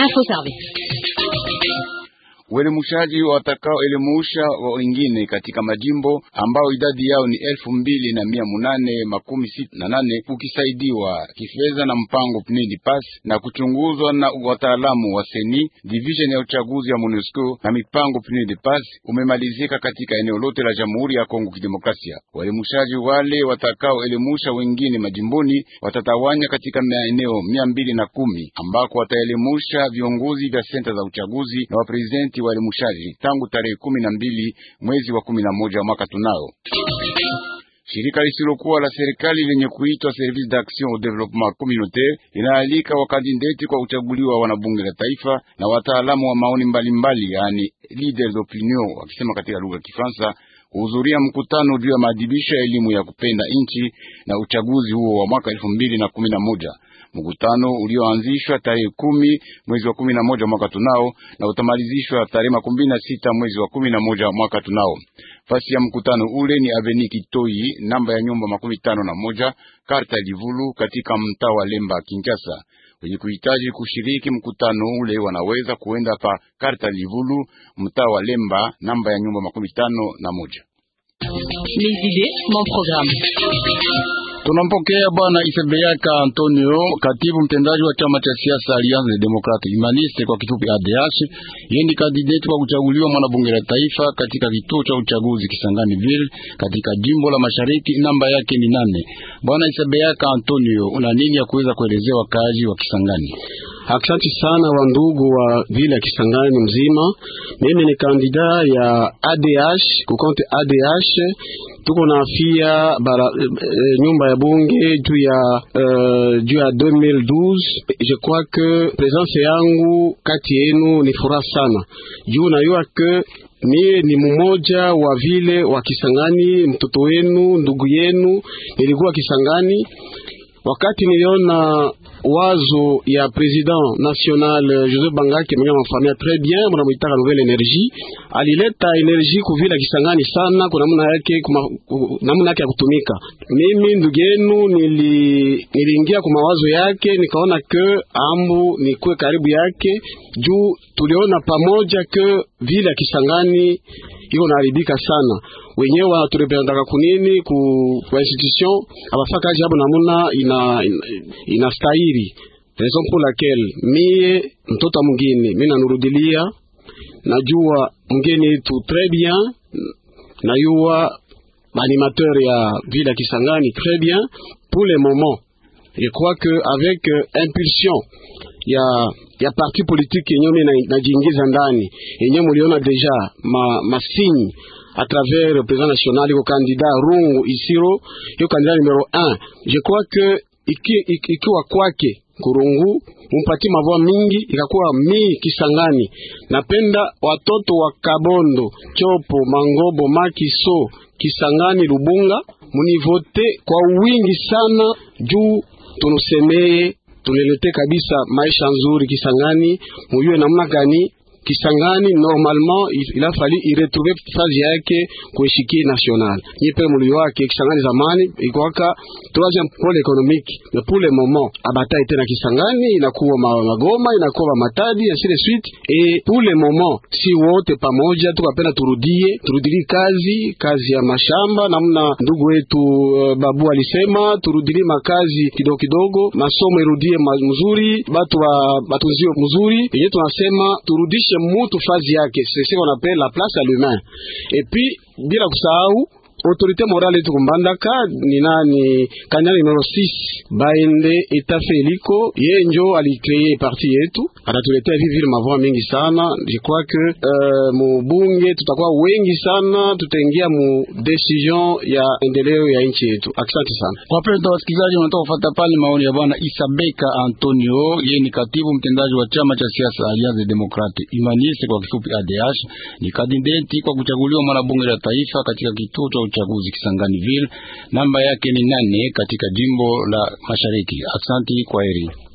Info Service. Uelimushaji watakaoelimusha wa wengine katika majimbo ambao idadi yao ni elfu mbili na mia munane makumi sita na nane ukisaidiwa kifedha na mpango PNID PASS na kuchunguzwa na wataalamu wa seni division ya uchaguzi ya MONUSCO na mipango PNID PASS umemalizika katika eneo lote la Jamhuri ya Kongo Kidemokrasia. Waelimushaji wale watakaoelimusha wengine majimboni watatawanya katika maeneo mia mbili na kumi ambako wataelimusha viongozi vya senta za uchaguzi na waprezidenti mji wa tangu tarehe kumi na mbili mwezi wa kumi na moja mwaka tunao Shirika lisilokuwa la serikali lenye kuitwa Service d'Action au Développement Communautaire linaalika wakandideti kwa uchaguliwa wanabunge la taifa na wataalamu wa maoni mbalimbali, yaani leader d'opinion wakisema katika lugha ya Kifaransa, kuhudhuria mkutano juu ya maadhibisho ya elimu ya kupenda nchi na uchaguzi huo wa mwaka elfu mbili na kumi na moja. Mkutano ulioanzishwa tarehe kumi mwezi wa kumi na moja mwaka tunao na utamalizishwa tarehe makumi na sita mwezi wa kumi na moja mwaka tunao. Fasi ya mkutano ule ni Aveni Kitoi, namba ya nyumba makumi tano na moja karta Livulu, katika mtaa wa Lemba, Kinshasa. Wenye kuhitaji kushiriki mkutano ule wanaweza kuenda pa karta Livulu, mtaa wa Lemba, namba ya nyumba makumi tano na moja. Les idées, mon programme. Tunampokea bwana Isebeyaka Antonio, katibu mtendaji wa chama cha siasa Alliance des Democrates Humanistes kwa kifupi ADH. Yeye ni kandidati kwa kuchaguliwa mwanabunge la taifa katika kituo cha uchaguzi Kisangani Ville katika jimbo la Mashariki, namba yake ni nane. Bwana Isebeyaka Antonio, una nini ya kuweza kuelezea wakazi wa Kisangani? Asante sana wa ndugu wa vile ya Kisangani mzima. Mimi ni kandida ya ADH kukonte ADH tuko na afia bara, e, nyumba ya bunge juu ya uh, juu ya 2012 je crois que presence yangu kati yenu ni furaha sana juu najua ke mie ni mmoja wa vile wa Kisangani, mtoto wenu, ndugu yenu. Nilikuwa Kisangani wakati niliona wazo ya president national euh, Joseph Bangal mwenye anafahamia très bien, mwitaka nouvelle énergie alileta energie kuvila Kisangani sana kwa namna yake, namna yake ya kutumika. Mimi ndugu yenu niliingia kwa mawazo yake, nikaona ke ambu nikuwe karibu yake juu tuliona pamoja ke vile ya Kisangani iko naharibika sana. Wenyewe wanaturepresentaka kunini ku kwa institution abafakaji abo namuna ina, ina, inastahili raison pour laquelle mie mtoto mwingine mimi nanurudilia, najua mwingine tu très bien, najua animateur ya ville ya Kisangani très bien pour le moment je crois que avec euh, impulsion ya ya parti politique yenyewe inajiingiza ndani, yenyewe muliona deja ma masinyi à travers le président national iko candidat Rungu Isiro le candidat numero 1 je crois que ikiwa kwake Kurungu mpati mavua mingi ikakuwa mii Kisangani. Napenda watoto wa Kabondo, Chopo, Mangobo, Makiso, Kisangani, Lubunga munivote kwa wingi sana juu tunusemeye tulelete kabisa maisha nzuri Kisangani, mujue namna gani Kisangani normalement il a fallu y iretrouve sage yake kuishiki national nyepe mulio wake Kisangani zamani ikwaka troisième pôle économique mais pour le moment abatai tena Kisangani inakuwa Magoma inakuwa Matadi ainsi de suite et pour le moment si wote pamoja tukapenda turudie turudili kazi kazi ya mashamba namna ndugu wetu uh, babu alisema turudili makazi kidogo kidogo masomo irudie mzuri batu batunzio mzuri yenye tunasema turudishe c'est ce qu'on appelle la place à l'humain, et puis bila kusahau autorité morale yetu kumbandaka ni nani kanya numero 6 baende etafe eliko ye njo alikreye parti yetu, atatuletea vivile mavoa mingi sana je crois jikwake. Uh, mubunge tutakuwa wengi sana, tutaingia mu decision ya endeleo ya nchi yetu. Asante sana kwa wapenda wasikilizaji, wanataka kufuata pale maoni ya bwana Isabeka Antonio, ye ni katibu mtendaji wa chama cha siasa Alliance Democrate Humaniste kwa kifupi ADH, ni kandidati kwa kuchaguliwa mwana bunge la taifa katika kituo cha uchaguzi Kisangani Ville, namba yake ni nane katika jimbo la Mashariki. Aksanti, kwaheri.